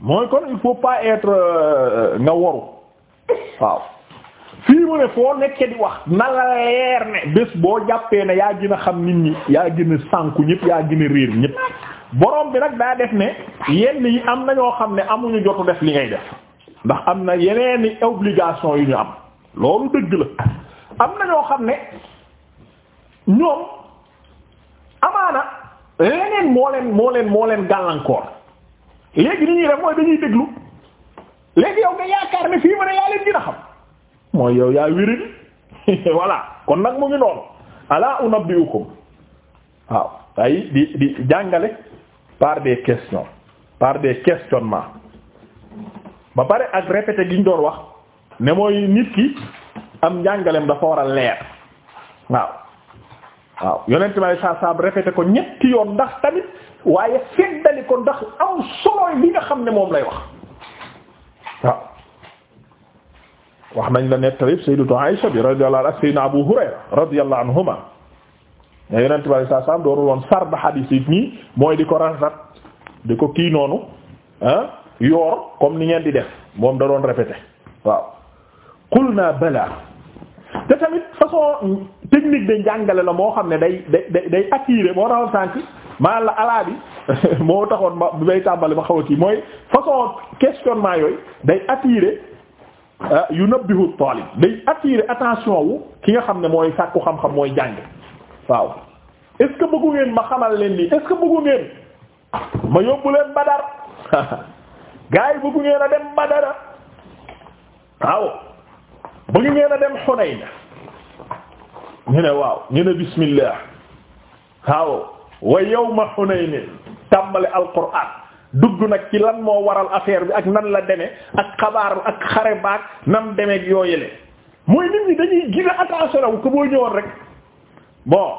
mooy kon il faut pas être euh, nga woru waaw fii mu ne foo nekke di wax na la leer ne bés boo jàppee ne yaa gën a xam nit ñi yaa gën a sànku ñëpp yaa gën a réer ñëpp borom bi nag daa def ne yenn yi am na ñoo xam ne amuñu jotu def li ngay def ndax am na yeneeni obligation yu ñu am loolu dëgg la am na ñoo xam ne ñoom amaana leneen moo leen moo leen moo leen gàllankoor léegi li ñuy mooy dañuy déglu léegi yow nga yaakaar ne fii ma ne yaa leen dina xam mooy yow yaa wéri ni kon nag mu ngi noonu ala unabbiukum waaw ay di di jàngale par des questions par des questionnements ba pare ak répété gi ñu doon wax ne mooy nit ki am njàngalem dafa war a leer waaw waaw yonent bi alay saa salam répété ko ñetti yoon ndax tamit waaye seddali ko ndax am solo li nga xam ne moom lay wax waaw wax nañ la nettalib sayyidatu Aisha bi radiyallahu anha sayyidina Abu Hurayra radiyallahu anhuma ne yonent bi alay saa salam doonul woon sarda hadis yi nii mooy di ko rat di ko kii noonu ah yoor comme ni ngeen di def moom da doon répété waaw qulna bala te tamit façon technique de njàngale la moo xam ne day day day attirer moo taxoon sànq maanaam la alaa bi moo taxoon ma may tàmbali ma xaw a mooy façon questionnement yooyu day attirer euh, yu nabbihu talib day attirer attention wu ki nga xam ne mooy sàkku xam-xam mooy jàng waaw est-ce que ngeen ma xamal leen ni est-ce que ngeen ma yóbbu leen Badar gaa yi bëggu ngeen a dem Badara waaw bëggu ngeen a dem Hunayn ñu ne waaw ñu ne bismillah waaw wa yawma Hunayn tàmbale alquran dugg nag ci lan moo waral affaire bi ak nan la demee ak xabaar ak xare baag nam demee yoo yële mooy nit ñi dañuy gis attention wu ko boo ñëwoon rek bon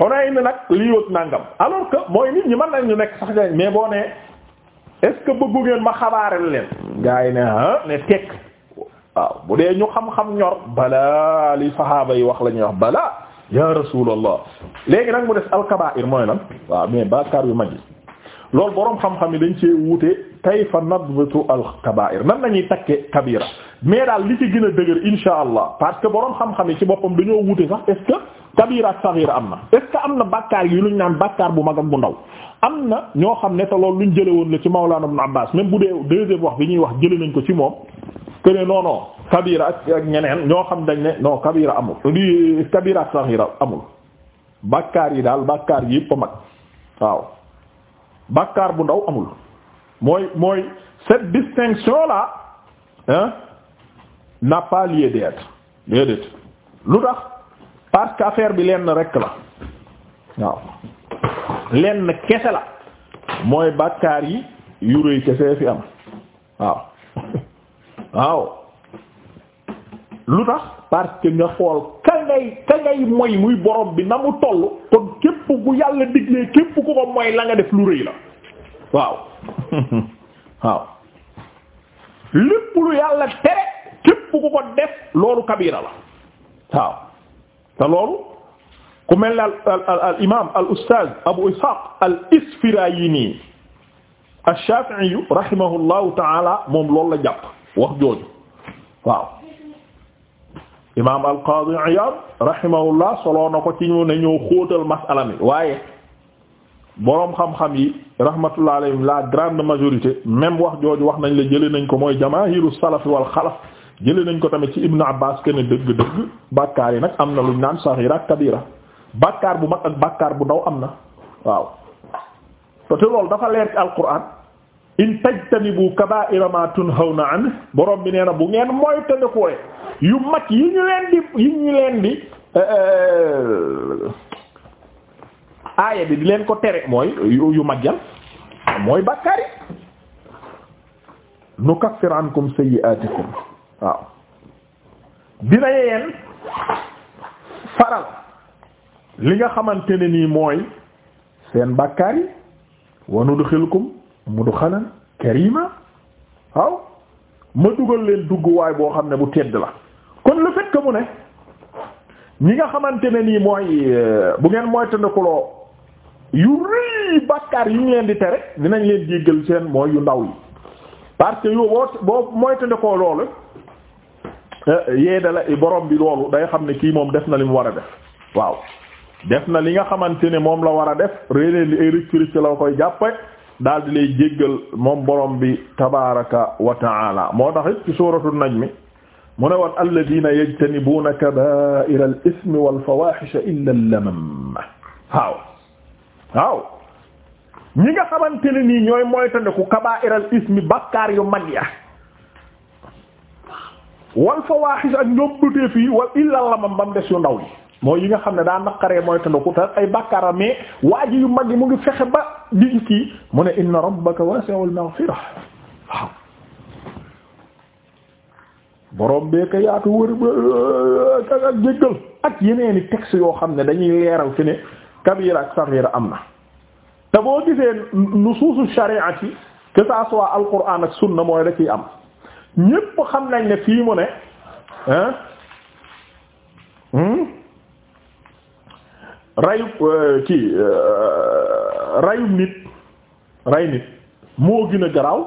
Hunayn nag li wut nangam alors que mooy nit ñi mën nañu nekk sax mais boo nee est bëggu ngeen ma xabaareel leen. gars yi ne ah ne tekk. waaw bu dee ñu xam-xam ñor balaa li saxaaba yi wax la ñuy wax balaa ya rasulallah léegi nag mu des alkabair mooy lan waaw mais bakar yu mag yi loolu boroom xam-xam yi dañ cee wuute kayfa nadbatu alkabair nan nañuy takke kabira mais daal li ci gën a dëgër insha allah parce que boroom xam-xam yi ci boppam dañoo wuute sax est-ce que kabira ak saxira am na est-ce que am na bakkaar yi luñ naan bakkaar bu mag ak bu ndaw am na ñoo xam ne te loolu luñ jële woon la ci mawlaana ibn abbas même bu dee deuxième wax bi ñuy wax jële nañ ko ci moom këne non non kabira ak ñeneen ñoo xam dañ ne non kabira amul di kabira ak saxira amul bàkkaar yi daal bàkkaar yi yëpp a mag waaw bàkkaar bu ndaw amul mooy mooy cette distinction là hein n'a pas lieu lu tax parce que affaire bi lenn rek la waaw lenn kese la mooy bàkkaar yi yu rëy kese fi am waaw waaw lu tax parce que nga xool ka ngay ka ngay moy muy borom bi na mu toll kon képp ku yàlla diglee képp ku ko moy la nga def lu rëy la waaw lépp lu yàlla tere képp ku ko def loolu kabira la waaw te loolu ku mel ne al al al imaam al ustaaz abu ishaq al isfirayini al shaafi'i rahimahullahu taala moom loolu la jàpp. wax jooju waaw imaam al-Qaadi Iyaad rahimahullah soloo na ko ci ñu ne ñoo xóotal masala mi waaye boroom xam-xam yi rahmatullah alayhim la grande majorité même wax jooju wax nañ la jëlee nañ ko mooy jamaahiru salaf wal xalaf jëlee nañ ko tamit ci Ibnu Abbaas kenn dëgg-dëgg bàkkaar yi nag am na luñ naan saxiira ak kabira bàkkaar bu mag ak bàkkaar bu ndaw am na waaw te loolu dafa leer ci alquran. in tajtanibu kaba'ira ma na an borom bi nee na bu ngeen moytandikoo yu mag yi ñu leen di yi ñu leen di eh, eh, aaya bi di leen ko tere mooy yu mag yan mooy bàkkaari nukaffir ankum sayyi'atikum waaw dina yeen faral li nga xamante ne nii mooy seen bàkkaari wa nudkhilkum mudxalan karima waaw ma dugal leen dugguwaay boo xam ne bu tedd la kon le fait mu ne ñi nga xamante ne nii mooy euh, bu ngeen mooy tëndakuloo yu rëy yu ñu di tere dinañ leen jéggal seen yu ndaw yi parce que yow boo boo mooy tëndakoo loolu euh, yee dala eh, borom bi loolu day xam ne kii moom def na li mu war a def waaw def na li nga xamante ne moom la war a def réeréer li ay rëcc rëcc la koy jàppe daal di lay jéggal moom borom bi tabaraka wa taala moo tax it ci suuratu najmi mu ne woon alladina yajtanibuuna kabaa'ira al ismi wal fawaahisha illa lamam waaw waaw ñi nga xamante ne nii ñooy moytandiku kabaa'ira al ismi bakkaar yu mag ya wal fawaahisha ak ñoom fii wal illa lamam bam des yu ndaw mooy yi nga xam ne daa naqaree mooy tandaku ta ay bàkkaara mais waa ji yu mag yi mu ngi fexe ba di kii mu ne inna rabbaka wasi'ul maghfira waaw borom beeka yaatu wër ba ak ak yeneeni texte yoo xam ne dañuy leeral fi ne kabira ak saghira am na te boo gisee nusuusu shari'ati que ça soit alquran ak sunna mooy da ciy am ñépp xam nañ ne fii mu ne hein rayub ci euh, euh, rayub nit ray nit moo gën a garaaw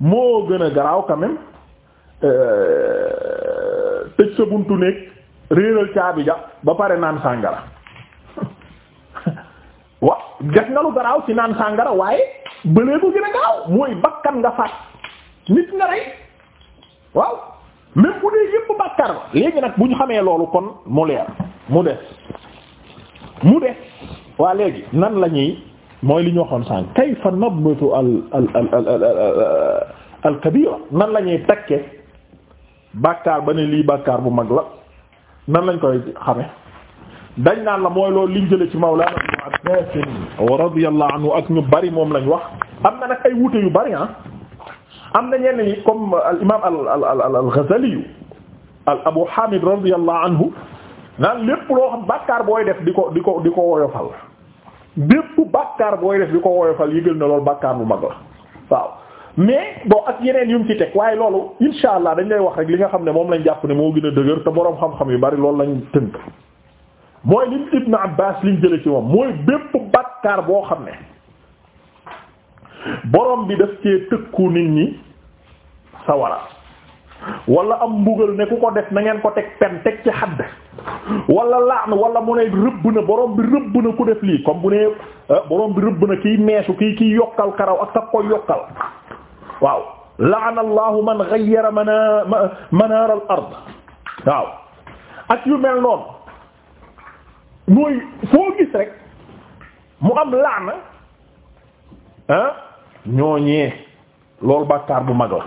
moo gën a garaaw quand même euh, tëj sa buntu néeg réeral caabi ja ba pare naan sàngara wa def nga lu garaaw ci naan sàngara waaye bëlee ko gën a garaaw mooy bakkan nga faat nit nga rey waaw même bu dee yépp bàkkar léegi nag bu ñu xamee loolu kon mu leer mu des mu def waa nan la ñuy mooy li ñu waxoon sànq kayfa nadbatu al al al kabira nan la ñuy takke bàkkaar ba ne lii bu mag la nan lañ koy xame dañ naan la mooy loolu liñ jële ci mawlana ibn Abbas radiyallahu anhu ak ñu bari moom lañu wax am na nag ay wute yu bari am na ñenn ñi comme al imam al al al al Ghazali al Abu Hamid radiyallahu anhu naan lépp loo xam bàkkaar booy def di ko di ko di ko woyofal bépp bàkkaar booy def di ko woyofal yëgal na loolu bàkkaar bu mag la waaw mais bon ak yeneen yu mu ci teg waaye loolu insha allah dañ lay wax rek li nga xam ne moom lañ jàpp ne moo gën a dëgër te boroom xam-xam yu bari loolu lañ tënk mooy lim Ibn Abbas liñ jële ci moom mooy bépp bàkkaar boo xam ne boroom bi daf cee tëkku nit ñi sawara walla am mbugal ne ku ko def na ngeen ko teg pen teg ci xadd walla laan wala mu ne rëbb na borom bi rëbb na ku def lii comme bu ne euh, borom bi rëbb na kiy meesu kii kiy yokkal karaw ak sag ko yokkal waaw laana allahu man ghayyara mana manaar al waaw ak yu mel noonu mooy foo gis rek mu am laana ah ñooñee loolu bàkkaar bu mag la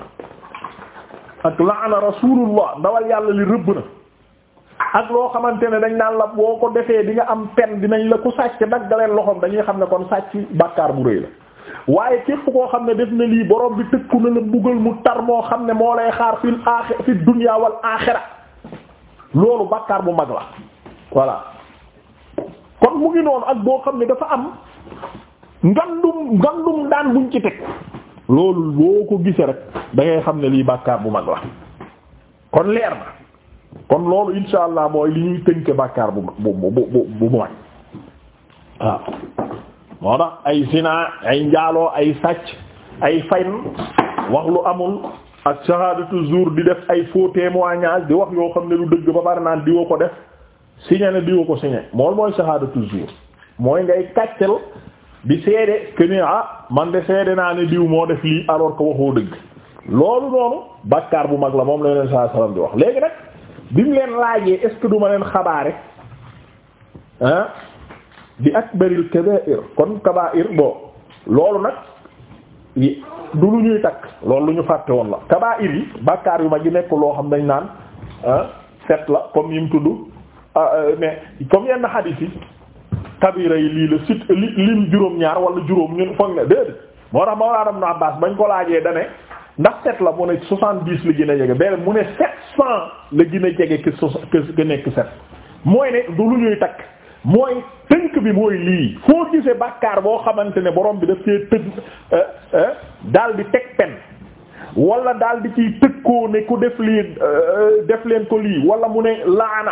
ak laana rasulullah ndawal yàlla li rëbb na ak loo xamante ne dañ naan la boo ko defee di nga am pen dinañ la ku sàcc nag daleen loxoom dañuy xam ne kon sàcc bàkkaar bu rëy la waaye képp koo xam ne def na lii borom bi tëkku na la buggal mu tar moo xam ne moo lay xaar fil aaxira fi dunya wal loolu bàkkaar bu mag la voilà kon mu ngi noonu ak boo xam ne dafa am ngandum ngandum daan buñ ci teg loolu boo ko gisee rek da ngay xam ne lii bàkkaar bu mag la kon leer na kon loolu insha allah mooy li ñuy tënke bàkkaar bu bu bu bu bu mooy waaw moo ay zina ay njaaloo ay sàcc ay fayn wax lu ak shahadatu zur di def ay faux témoignage di wax yoo xam ne lu dëgg ba pare naan diwa ko def signé ne diwa ko signé mool mooy shahadatu zur mooy ngay kàccel ah, man de seede naa ne diw moo def lii alors que waxoo dëgg loolu noonu mag la moom la yeneen saa salaam di wax léegi nag bi mu leen laajee est-ce que leen xabaare ah bi akbaril kabaa'ir kon kabaa'ir boo loolu nag du lu ñuy takk lool lu ñu fàtte woon la kabaa'ir yi bakkaar yu mag yi nekk loo xam dañ naan ah set la comme yi mu tudd ah, euh, mais comme yenn xadiis yi kabira yi lii la sit li lim juróom-ñaar wala juróom ñun foog ne déedéet moo tax Mawlana Ibn Abbas bañ ko laajee dane ndax set la mu ne soixante-dix la gën a jege benn mu ne sept cent la gën a jege ki so ki nekk set mooy ne du lu ñuy takk mooy tënk bi mooy lii foo gisee bàkkaar boo xamante ne borom bi daf cee tënk euh, euh, di teg wala daal di ciy tëkkoo ne ku def lii euh, def leen ko lii wala mu ne laana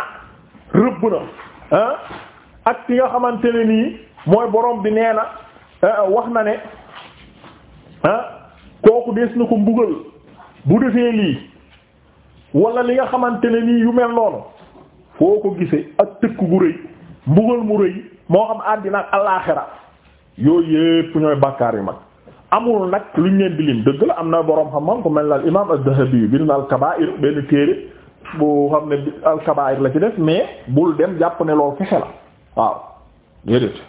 rëbb na ak ci nga xamante ne nii mooy borom bi nee na wax na ne ah. kooku dees na ko mbugal bu defee lii wala li nga xamante ne nii yu mel noonu foo ko gisee ak tëkk gu rëy mbugal mu rëy moo xam àddina ak alaaxira yooyu yépp ñooy bàkkaar yu mag amul nag luñ leen di lim dëgg la am na boroom xam-xam ku mel na al imaam ad-Dahabi yu bind na al-Kabaa'ir benn téere bu xam ne al-Kabaa'ir la ci def mais bul dem jàpp ne loolu fexe la waaw déedéet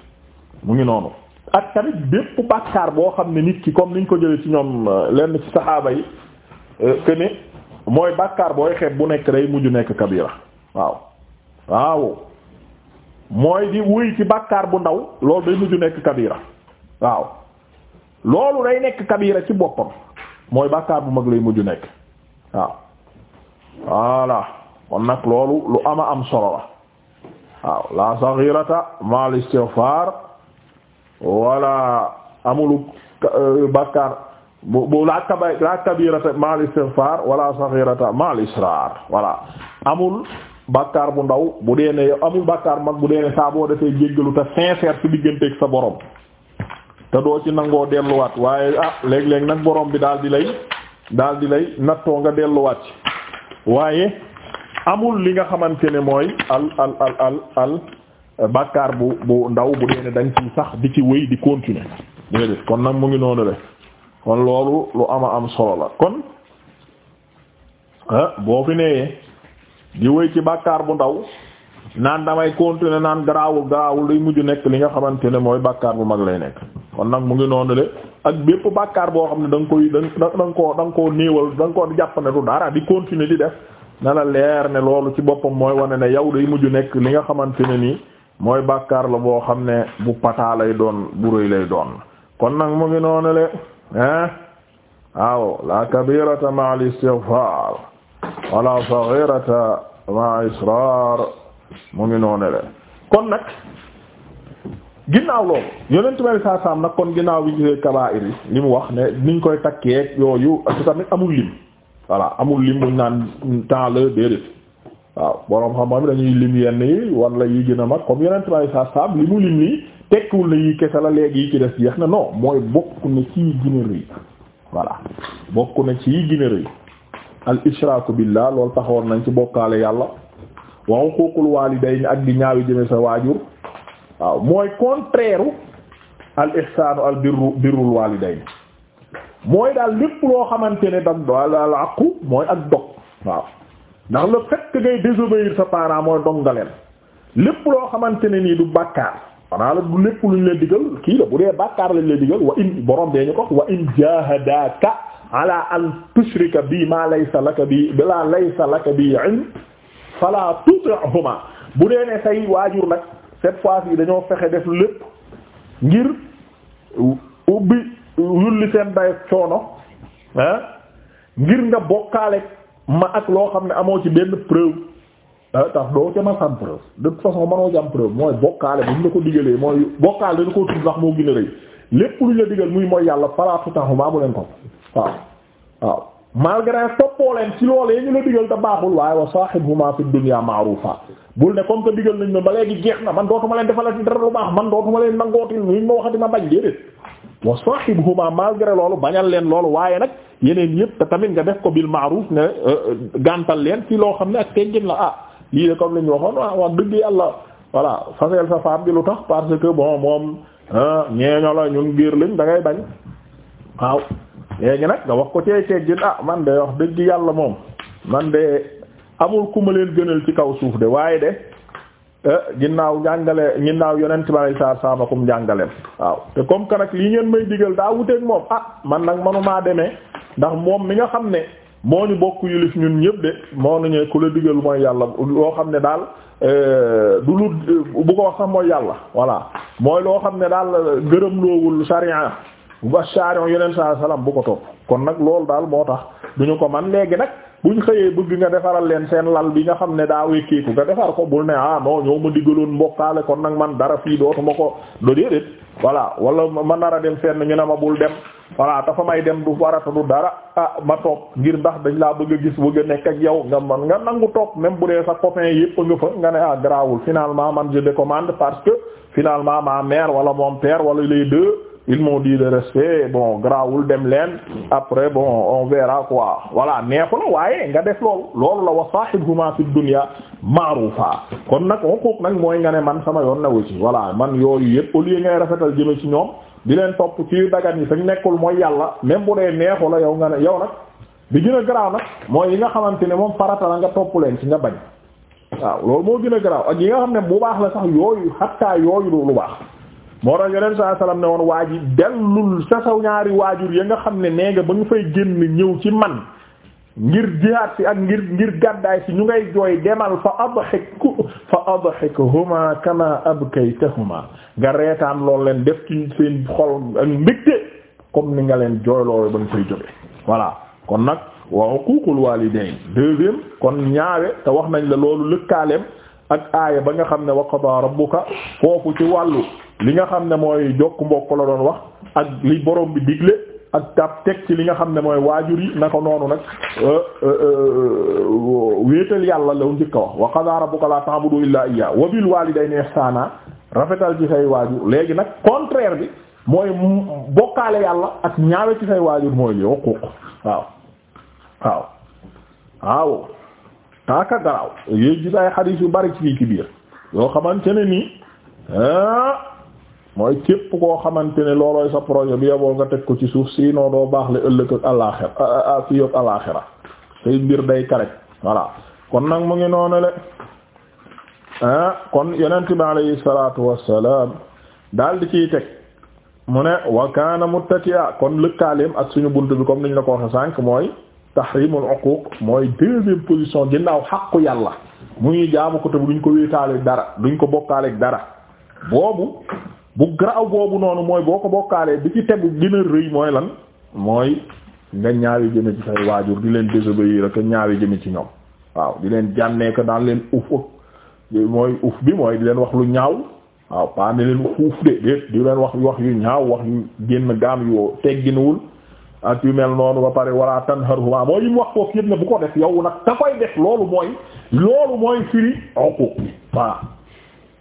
mu ngi noonu. ak tamit bépp bàkkaar boo xam ne nit ki comme ni niñ ko jëlee ci ñoom euh, lenn ci saxaaba yi euh, que mooy bàkkaar booy xeeb bu nekk day mujj nekk kabira waaw waaw mooy di wuy ci bàkkaar bu ndaw loolu day mujj nekk kabira waaw loolu day nekk kabira ci boppam mooy bàkkaar bu mag lay mujj nekk waaw voilà kon nag loolu lu ama am solo la waaw la saghirata mal istighfar wala amulu euh, bakkaar bu bu laa kaba laa kabirata mal istighfar wala saghirata mal israr wala amul bakkaar bu ndaw bu dee ne amul bakkaar mag bu dee ne saa boo defee jéggalu te sincère ci digganteeg sa borom te doo ci nangoo delluwaat waaye ah léeg-léeg nag boroom bi daal di lay daal di lay nattoo nga delluwaat waaye amul li nga xamante ne mooy al al al al al bàkkaar bu bu ndaw bu dee ne da ci sax di ci wéy di continuer kon nag mu ngi noonu rek kon loolu lu ama am solo la kon ah, boo fi di wéy ci bàkkaar bu ndaw naan damay continuer naan garaawul garaawul day mujj nekk li nga xamante ne mooy bàkkaar bu mag lay nekk kon nag mu ngi noonu de ak bépp bàkkaar boo xam ne da koy da nga koo da nga koo néewal dara di continuer di def na la leer ne loolu ci boppam mooy wane ne yow day mujj nekk li nga xamante ne nii. mooy bàkkaar la boo xam ne bu pataa lay doon bu rëy lay doon kon nag mu ngi noonu le hein waaw la kabirata ma al istighfar wala ma israr mu ngi noonu le kon nag ginnaaw loolu yonent bi saa saam nag kon ginnaaw bi gisee kabaa'ir yi li wax ne niñ koy takkeek yooyu te tamit amul lim voilà amul lim buñ naan temps la déedéet waaw borom xam-xam dañuy lim yenn yi wala yi gën a mag comme yeneen tubaab yi saa saab li mu lim nii tekkiwul na yi kese la léegi yi ci des jeex na non mooy bokk na ci yi gën bokk na ci yi gën a al ishraaku billah loolu taxawoon nañ ci bokkaale yàlla wa huquuqul waalidayni ak di ñaawi jëme sa waajur waaw mooy contraire al ihsaanu al birru birrul waalidayni mooy daal lépp loo xamante ne daf doal al aqu mooy ak dog waaw ndax le fait que ngay désobéir sa parent mooy dongaleen lépp loo xamante ne nii du bàkkaar xanaa la du lépp luñ leen digal kii la bu dee bàkkaar lañ leen digal wa in borom bee ñu ko wa in jahadaka ala an bi ma laysa laka bi bila laysa laka bi ilm fala tuti'huma bu dee ne say waajur nag cette fois ci dañoo fexe def lépp ngir ubbi yulli seen day coono ah ngir nga bokkaale ma ak loo xam ne amoo ci benn preuve tax doo ca ma sam preuve de toute am preuve mooy bokkaale bu ñu la ko digalee mooy bokkaale dañu ko tudd ndax moo gën a rëy lépp lu ñu digal muy mooy yàlla falaatu taxu ma bu leen ko waaw waaw malgré toppoo leen ci loolee ñu la digal te baaxul waaye wa sahibhuma fi dunya ma'rufa bul ne comme que digal nañ ma ba léegi jeex na man dootuma leen defalati dara lu baax man dootuma leen nangootil luñ ma waxati ma bañ déedéet wa sahibhuma malgré loolu bañal leen loolu waaye nag yeneen yëpp te tamit nga def ko bil ma'ruf ne euh, euh, gàntal leen ci loo xam ne ak teggin la ah lii de comme la ñu waxoon ah wax dëgg yàlla voilà faseel sa faam bi lu tax parce que bon moom ah, ñeeño la ñun biir lañ da ngay bañ waaw léegi nag nga wax ko cee teggin ah man de wax dëgg yàlla moom man de amul ku ma leen gënal ci kaw suuf de waaye de Eh, ginnaaw njàngale ginnaaw yonent bi alay saa saama kum njàngaleem waaw te comme que nag lii ngeen may digal daa wuteeg moom ah man nag manumaa demee ndax moom mi nga xam ne moo ñu bokk yulif ñun ñëpp de moo ñu ne ku la digal mooy yàlla loo xam ne daal eh, du lu bu ko wax sax mooy yàlla voilà mooy loo xam ne daal gërëm loowul sariya bu ba sariya yonent saa salaam bu ko topp kon nag loolu daal moo tax duñu ko man léegi nag. buñ xëyee bëgg nga defaral leen seen lal bi nga xam ne daa wekkeeku nga defar ko bul ne ah non ñoo ma diggaloon mbokkaale kon nag man dara fii dootuma ko do déedéet voilà wala ma nar a dem fenn ñu ne ma bul dem voilà dafa may dem du farata du dara ah ma toog ngir ndax dañ laa bëgg a gis bëgg a nekk ak yow nga man nga nangu toog même bu dee sa copain yëpp nga fa nga ne ah garaawul finalement man je décommande parce que finalement ma mère wala mon père wala les deux ils m'ont dit de rester bon grawul dem leen après bon on verra quoi voilà neexu la waaye nga def loolu loolu la wa sahibhuma fi dunya ma'rufa kon nag xuquuq nag mooy nga ne man sama yoon na ci voilà man yooyu yëpp au lieu ngay rafetal jëme ci ñoom di leen topp ci dagan yi fañ nekkul mooy yàlla même bu dee neexu la yow nga ne yow nag bi gën a garaaw nag mooy yi nga xamante ne moom farata la nga topp leen ci nga bañ waaw loolu moo gën a garaaw ak yi nga xam ne bu baax la sax yooyu xattaa lu baax moo tax yonent saa salaam ne woon waa ji dellul sa saw ñaari waajur ya nga xam ne nee nga ba nga fay génn ñëw ci man ngir jihaat si ak ngir ngir gàddaay si ñu ngay jooy demal fa adhik fa adhikhuma kama abkaytahuma nga reetaan lool leen def ci seen xol ak mbégte comme ni nga leen jooy loolu ba nga fay jóge voilà kon nag wa huququl walidayn deuxième kon ñaawe te wax nañ la loolu lëkkaaleem ak aaya ba nga xam ne wa qada rabbuka ci wàllu li nga xam ne mooy jokk mbokk la doon wax ak li boroom bi digle ak tab teg ci li nga xam ne mooy waajur yi naka noonu nag euh, euh, euh, wéetal yàlla la njëkk a wax wa qadaa rabbuka laa ta'budu illaa iyyaahu wa bil waalidayni ihsaana rafetal ci say waajur léegi nag contraire bi mooy bokkaale yàlla ak ñaawe ci say waajur mooy li uquuq waaw waaw waaw taaka garaaw yooyu gis ay xadiis yu bari ci biir yoo xamante ne nii ah, mooy képp koo xamante ne loolooy sa projet bi yoboo nga teg ko ci suuf sinon doo baax le ëllëg ak àllaaxira fi yog àllaaxira say mbir day karek voilà kon nag mu ngi noonu le ah kon yonent bi alayhi salatu daal di ciy teg mu ne wa kaana muttaki'a kon lëkkaaleem ak suñu bunt bi comme niñ la ko waxe sànq mooy tahrimul uquq mooy deuxième position ginnaaw xaqu yàlla mu ngi jaamu ko te duñ ko wéetaale dara duñ ko bokkaale dara boobu bu garaaw boobu noonu mooy boo ko bokkaalee bi ci tegu gën a rëy mooy lan mooy nga ñaawi jëme ci say waajur di leen désobéir ak ñaawi jëme ci ñoom waaw di leen jànnee ko daan leen uf mooy uf bi mooy di leen wax lu ñaaw waaw pas ne leen fuuf de déet di leen wax wax yu ñaaw wax yu génn gaam yoo tegginuwul ak yu mel noonu ba pare wala tanharhuma mooy yim wax foofu yëpp ne bu ko def yow nag ta def loolu mooy loolu mooy firi oku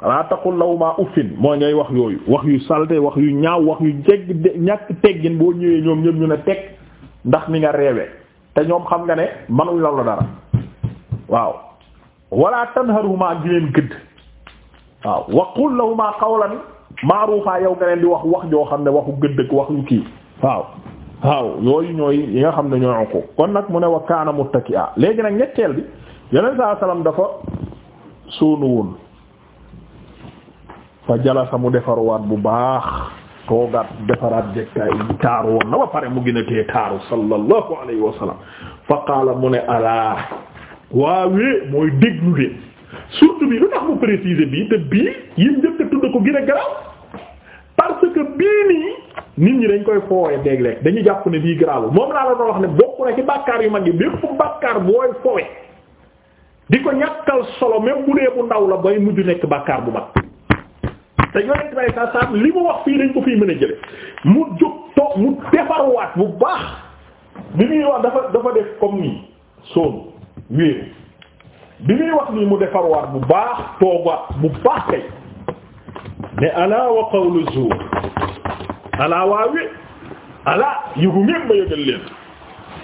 xanaa taqul lawuma uffin mooy ngay wax yooyu wax yu salte wax yu ñaaw wax yu jégg ñàkk teggin boo ñëwee ñoom ñëpp ñu ne teg ndax mi nga reewee te ñoom xam nga ne manuñ law la dara waaw wala tanharuma di leen gëdd waaw waqul lahuma qawlan ma'rufa yow nga leen di wax wax joo xam ne waxu gëdd ak waxu kii waaw waaw yooyu ñooy yi nga xam ne ñooy uqu kon nag mu ne wa kaana muttaki'a léegi nag ñetteel bi yeneen saa salaam dafa suunu woon fa jalasa mu defarwaat bu baax toogaat defaraat jekkaay yi taaru woon na ba pare mu gën a tee taaru sallallahu alayhi wa sallam mu ne alaa waawee mooy déglu leen surtout bi lu tax mu préciser bii te bii yéen njëkk tudd ko gën a garaaw parce que bii nii nit ñi dañ koy foowee dégleeg dañu jàpp ni bii garaaw moom laa la wax ne bokk na ci bàkkaar yu mag yi bépp bàkkaar booy foowee di ko ñàkkal solo même bu dee bu ndaw la bay mujj nekk bàkkaar bu mag te yonent bay sa sam li mu wax fii dañ ko fii mën a jële mu jóg to mu defarwaat bu baax bi muy wax dafa dafa def comme nii soon wéeru bi muy wax nii mu defarwaat bu baax toogaat bu baax kay mais ala wa qawlu zuur ala waawe ala yëgu ngeen ma yëgal leen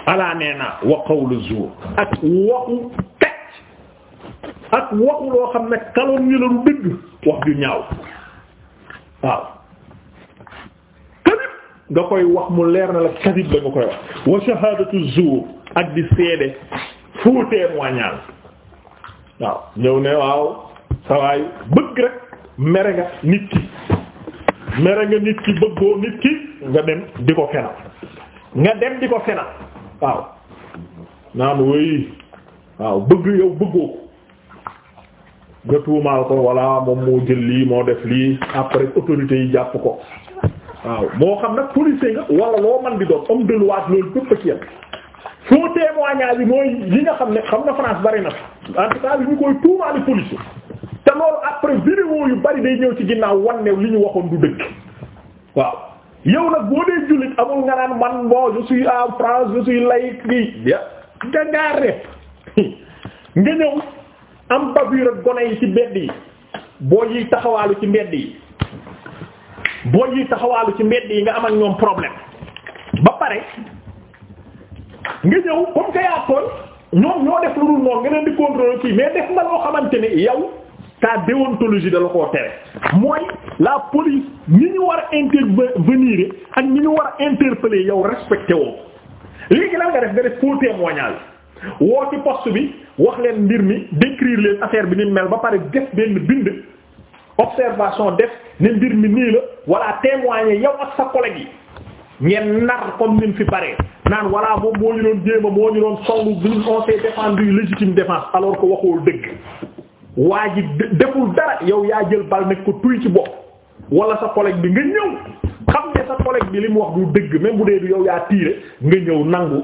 ala nee naa wa qawlu zuur ak waxu tecc ak waxu loo xam ne calomnie la lu dëgg wax ju ñaaw waaw kadib nga koy wax mu leer na la kadib la nga koy wax wa shahadatu zuur ak di seede faux témoignage waaw ñëw ne waaw sawaay bëgg rek mere nga nit ki mere nga nit ki bëggoo nit ki nga dem di ko fenal nga dem di ko fenal waaw naan woy waaw bëgg yow bëggoo nga tuumaal ko walla moom moo jël li moo def lii après autorités yi jàpp ko waaw moo xam nag policier nga walla loo man di doon homme de loi loolu pëpp ci yam moo témoignage bi mooy li nga xam ne xam nga France bari na en tout cas bi ñu koy tuumaali policier te loolu après vidéo yu bari day ñëw ci ginnaaw wanne li ñu waxoon du dëgg waaw yow nag boo dee jullit amul nga naan man bon je suis en France je suis laïque bi ya nga ngaa nga ñëw am bavure ak gone yi ci mbedd yi boo yi taxawaalu ci mbedd yi bool yi taxawaalu ci mbedd yi nga am ak ñoom problème ba pare nga ñëw comme que yaa tooñ ñoom ñoo def lu dul noonu nga mais def nga loo xamante ni yow ta déontologie da la koo tere la police ñi ñu war a intervenir ak ñi ñu war a yow respecté woo léegi def nga def faux témoignage woo ci poste bi wax leen mbir mi décrire leen affaire bi ni mel ba pare def benn bind observation def ne mbir mi nii la walla témoigner yow ak sa collègue yi ngeen nar comme ni mu fi paree naan walla moom moo ñu doon jéema moo ñu doon songu duñ on s'est défendu légitime défense alors que waxul dëgg waa deful dara yow yaa jël bal nekk ko tuy ci bopp walla sa collègue bi nga ñëw xam ne sa collègue bi li mu wax du dëgg même bu dee du yow yaa tiire nga ñëw nangu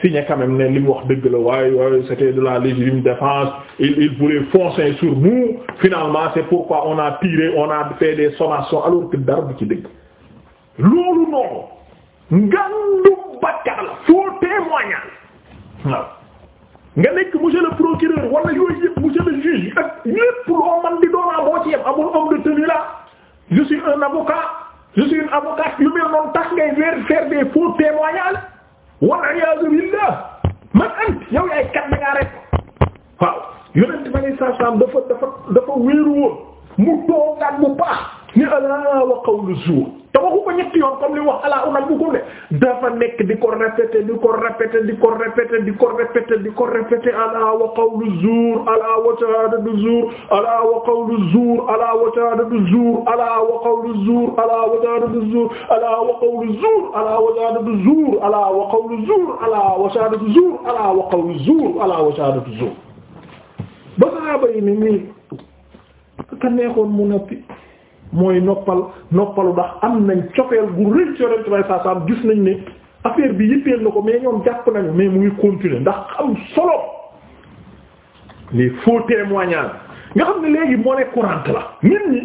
signé quand même ne li mu wax dëgg la waaye waaye c'était de la légitime défense il il voulait foncer sur nous finalement c'est pourquoi on a tiré on a fait des sommations alors que dara bu ci dëgg loolu noonu ngandu bakkar la faux témoignage waaw nga nekk monsieur le procureur wala yooyu yëpp monsieur le juge ak yëpp loo man di doonaa boo ci yem amul homme de tenue là je un avocat je suis yu mel noonu tax ngay faire des faux témoignages wal iyaadu billah man ant yow yaay kat da ngaa rek waaw yonent bi alayhi salaam dafa dafa dafa wéeru woon mu toogaat bu baax ni ala wa qawlu zuur te waxu ko ñetti yoon comme li wax ala unal bu ko ne dafa nekk di ko répété di ko répété di ko répété di ko répété di ko répété ala wa qawlu zuur ala wa shahadatu zuur ala wa qawlu zuur ala wa shahadatu zuur ala wa qawlu zuur ala wa shahadatu zuur ala wa qawlu zuur ala wa shahadatu zuur ala wa qawlu zuur ala wa shahadatu zuur ala wa qawlu zuur ala wa shahadatu zuur ba saaba yi ni nii ka neexoon mu noppi mooy noppal noppalu ndax am nañ cofeel gu rëy ci yonent saa saam gis nañ ne affaire bi yitteel na ko mais ñoom jàpp nañu mais mu ngi continuer ndax am solo les faux témoignages nga xam ne léegi monnaie courante la nit ñi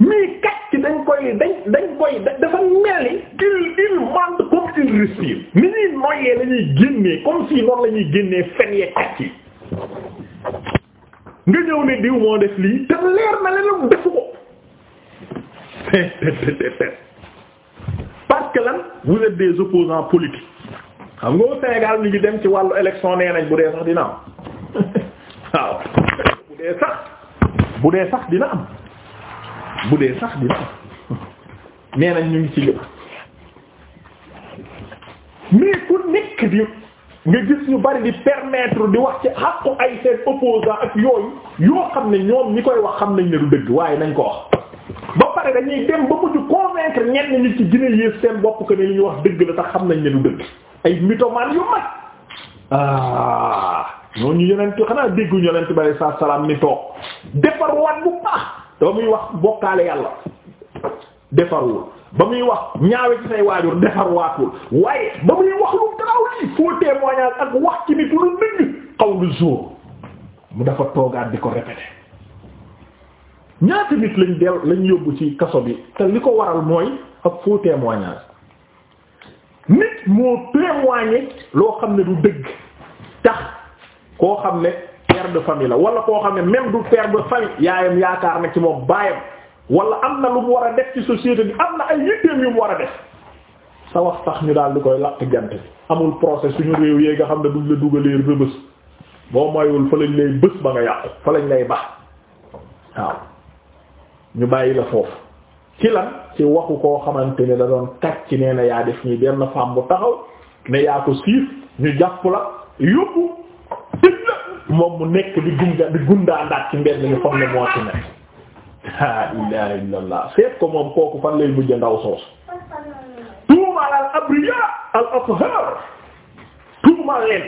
mii kat ci dañ koy dañ dañ koy dafa mel ni il il ment comme il respire ni ñuy noyyee la génnee comme si noonu la génnee fen yee kat yi nga ñëw ne diw moo def lii te leer na leen defu parce que lan vous êtes des opposants politiques xam nga au Sénégal ñu ngi dem ci wàllu élection nee nañ bu dee sax dina am waaw bu dee sax bu dee sax dina am bu dee sax dina am nee nañ ñu ngi ci lépp mais ku nekk di nga gis ñu bari di permettre di wax ci xaqu ay seen opposants ak yooyu yoo xam ne ñoom ñi koy wax xam nañ ne du dëgg waaye nañ ko wax ba pare dañuy dem ba mujj convaincre ñenn ñi ci gën a yées seen bopp que ne li ñu wax dëgg la tax xam nañ ne du dëgg ay mythomane yu mag ah ñooñu yonent xanaa déggu yonent bi alayhi salaatu salaam ni toog defarwaat bu baax ba muy wax bokkaale yàlla defarwul ba muy wax ñaawe ci say waajur defarwaatul waaye ba muy wax lu garaaw lii faux témoignage ak wax ci nit lu dëgg xawlu zuur mu dafa toogaat di ko répéter. ñaata nit lañ del lañ yóbbu ci kaso bi te li ko waral mooy ak faux témoignage nit moo témoigné loo xam ne du dëgg tax koo xam ne père de famille la wala koo xam ne même du père de famille yaayam yaakaar na ci moom baayam wala am na lu mu war a def ci société bi am na ay yitteem yu mu war a def sa wax tax ñu daal di koy laq jant bi amul procès suñu réew yee nga xam ne duñ la dugalee rëbës boo mayul fa lañ lay bës ba nga yàqu fa lañ lay baax ñu bàyyi la foofu ci lan ci waxu koo xamante ne da doon kàcc nee na yaa def ñi benn femme bu taxaw ne yaa ko siif ñu jàpp la yóbbu moom mu nekk di gunda di ci mbedd ñu xam ne moo ci nekk laa ilaha illa allah seet ko moom kooku fan lay mujj ndaw soos tuumaal al abriya al athar tuumaal leen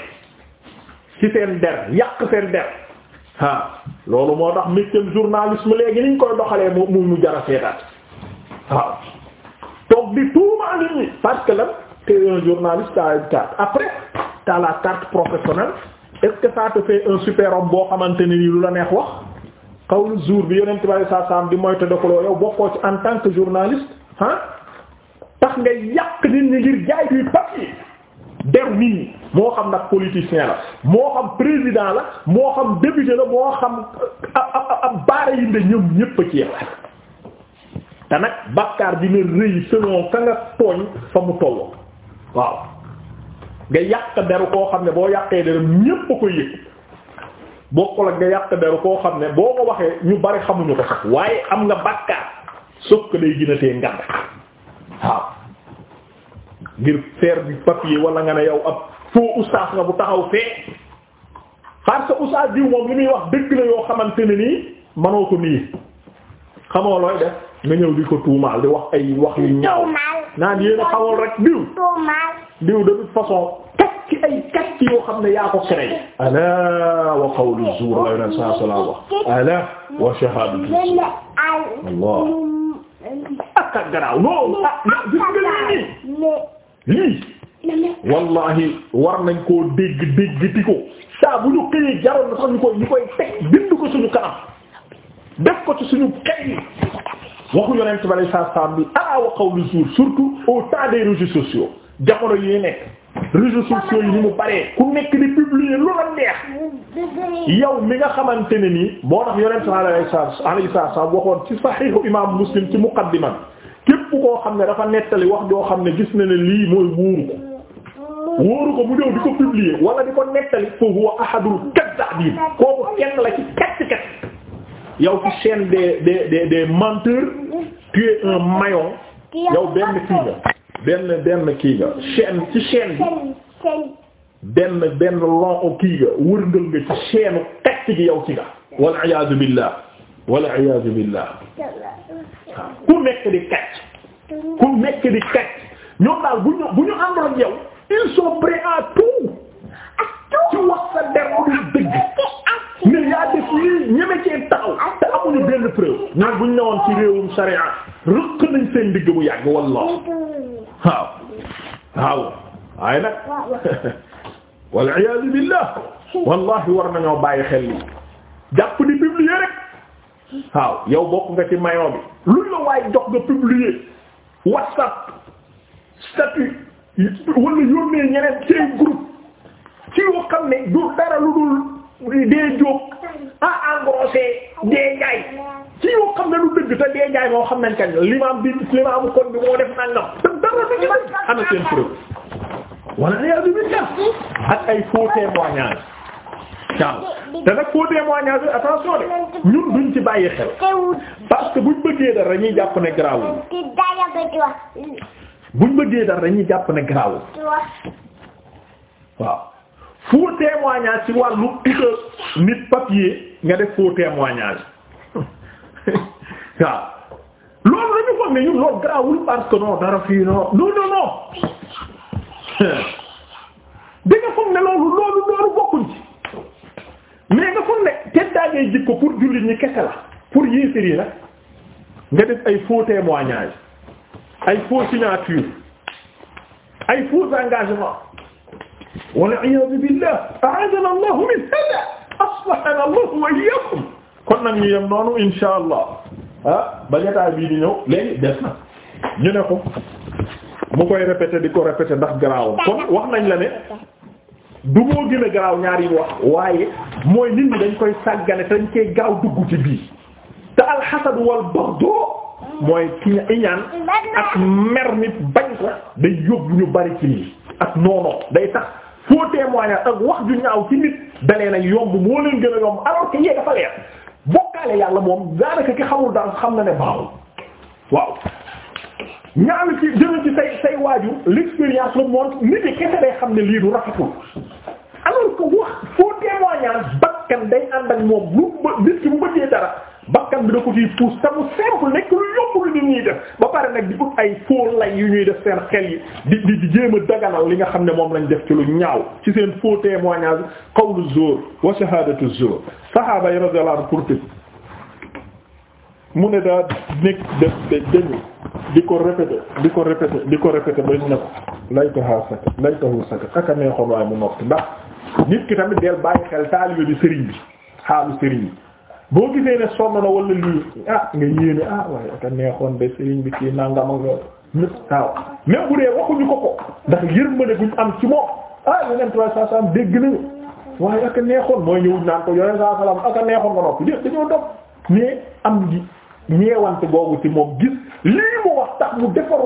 ci seen der yàq seen der loolu moo tax métier journalisme léegi niñ koy doxalee mu mu mu jara seetaat waaw toog di tuuma nit ñi parce que lan te un journaliste t'as après t'as la carte professionnelle est-ce que ça te fait un super homme boo xamante ni lu la neex wax xawlu jour bi yonent bi saa saam di moyta doxaloo yow bokkoo ci en tant que journaliste ah tax nga yàq nit ñi ngir jaay bi papier der nii moo xam nag politicien la moo xam président la moo xam député la moo xam ab baara yi nde ñoom ñépp a ci yàlla te nag bàkkaar dina rëy selon ka nga tooñ fa mu tolloo waaw nga yàq deru koo xam ne boo yàqee deram ñépp a ko yëg bokkul ak nga yàq deru koo xam ne boo ko waxee ñu bari xamuñu ko sax waaye am nga bàkkaar sokk day gën a tee ngir faire du papier wala nga ne yow ab faux oustaz nga bu taxaw fee parce que oustaz diw moom li muy wax dëgg la yoo xamante ne nii manoo ko nii xamoo looy def nga ñëw di ko tuumaal di wax ay wax yu ñaaw naan yéen a xamoon rek diw diw de façon kat ci ay kat ci yoo xam ne yaa ko créé ala wa qawlu zuur la yoneen saa sala wax ala wa shahadatu allah ak ak garaaw non ah, nii lii hmm. wallahi war nañ koo dégg dégg di ko saa bu ñu xëyee jaroon na sax ñu koy ñu koy teg bind ko suñu kanam def ko ci suñu xëy waxu yonent bi alayhi salaam bi ala wa qawlu zuur surtout au temps des réseaux sociaux jamono yi nekk réseaux sociaux yi ñu mu baree ku nekk di publier lu la neex yow mi nga xamante ne nii moo tax yonent bi alayhi salaam waxoon ci saxiixu imaamu muslim ci muqaddima képp koo xam ne dafa nettali wax joo xam ne gis na ne lii mooy wóoru ko wóoru ko mu ñëw di ko publier wala di ko nettali fa huwa ahadul kaddaabin kooku kenn la ci ket ket yow ci chaîne des des des des menteurs tu es benn kii nga benn benn kii nga chaîne ci chaîne bi benn benn lon o kii nga wërngal nga ci chaîne ket gi yow ci nga wal iyaazu billah wal iyaazu billah ku nekk di kacc ku nekk di teg ñoom daal bu ñu bu ñu àndoon yow ils sont prêts à tout ci wax sa der bu dul dëgg ne yaa def lii ñeme taxaw te amuñu benn preuve ñaan bu ñu newoon ci réewum sharia rëq nañ seen digg mu yàgg wallah waaw waaw waaye nag wallahi war nañoo bàyyi xel lii jàpp di publier rek waaw yow bokk nga ci maillon bi luñ la waaye jox nga publier whatsapp statut wala yónnee ñeneen seen groupe ci yoo xam ne du dara lu dul dee jóg ah engrossé dee njaay ci yoo xam ne lu dëgg te dee njaay moo xam nañ kañ limaam bi limaamu kon bi moo def nangam te dara du ñu am na seen preuve wala yaa bi bi ak ay faux témoignage waaw te nag faux témoignage bi attention de ñun duñ ci bàyyi xel parce que buñ bëggee dara dañuy jàpp ne garaawul buñ bëggee dara dañuy jàpp ne garaawul waaw faux témoignage ci wàllu uta nit papier nga def faux témoignage waaw loolu la ñu foog ne ñun loolu garaawul parce que non dara fii non non non non ngay jikko pour jullit ñi kese nga def ay faux témoignage ay faux signature ay faux engagement wala iyadu billah a'adana allahu min hada aslahana allahu wa kon nag ñu yem noonu insha allah ah, bii di ñëw léegi des na ñu ne ko mu koy répété di ko répété ndax garaaw kon wax nañ la ne du moo gën a garaaw ñaari wax waaye mooy nit dañ koy sàggane te dañ koy gaaw dugg ci bii te alxasadu wal mooy ki iñaan ak mer mi bañ ko day yóbbu ñu bari ci lii ak noonoo day tax faux témoignage ak wax ju ñaaw ci nit dalee na yomb a yàlla moom daanaka ki xamul daal xam na ne baaxul waaw ñaaw ci jëme ci say say waaju l'expérience le montre nit ñi kese day xam ne lii du rafetul ñaan bakkan day ànd ak moom lu nit ki bu bëggee dara bakkan bi da ko ciy pousse te mu simple nekk lu yomb lu nit ñuy def ba pare nag di ut ay faux lay yu ñuy def seen xel yi di di di jéem a daganal li nga xam ne moom lañ def ci lu ñaaw ci seen faux témoignage qawlu zur wa shahadatu zur sahaba yi radiyallahu anhu pour tëj mu ne daa nekk def de demi di ko répété di ko répété di ko répété ba ñu ne ko laytaha sakat laytahu sakat ak a neexoon waaye mu noppi ndax nit ki tamit del bàyyi xel taalibe bi sëriñ bi xaalu sëriñ bi boo gisee ne sonn na wala lii ah nga yéene ah waaye aka neexoon de sëriñ bi kii nangam ak loolu nit waaw même bu dee waxuñu ko ko ndax yërmande guñ am ci moom ah yeneen trois cent cent dégg nañu waaye aka neexoon mooy ñëwuñ naan ko yeneen saa salaam aka neexoon nga noppi lépp dañoo dog mais am gi ñeewante googu ci moom gis lii mu wax tax mu defar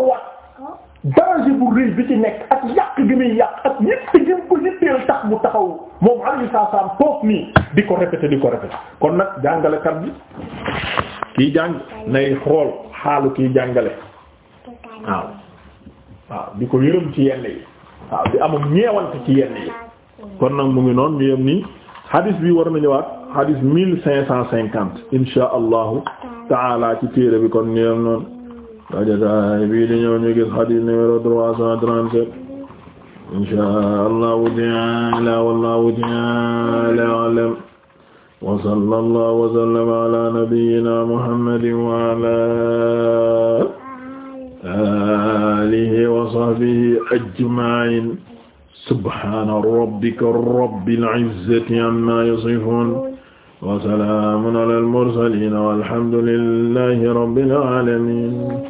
danger bu rëy bi ci nekk ak yàq gi muy yàq ak yitte gi mu ko kon nag jàngalekat bi kiy jàng nay xool xaalu ki jàngale waaw waaw di ko yërëm ci yenn yi waaw di amum ñeewante ci yenn yi kon nag mu ngi noon ñu yem nii hadis bi war na ñëwaat hadis mille cinq cent cinquante insha allahu taala ci téere bi kon ñu yem noonu bajataay bii di ñëw ñu gis xadiis numéro trois cent trente-sept inshaa allahu taala wallahu taala a'lam wa sallallahu wa sallama ala nabiyyina muhammadin wa ala alihi wa sahbihi ajma'in subhana rabbika rabbil izzati amma yasifun wa salamun ala al mursalin walhamdulillahi rabbil alamin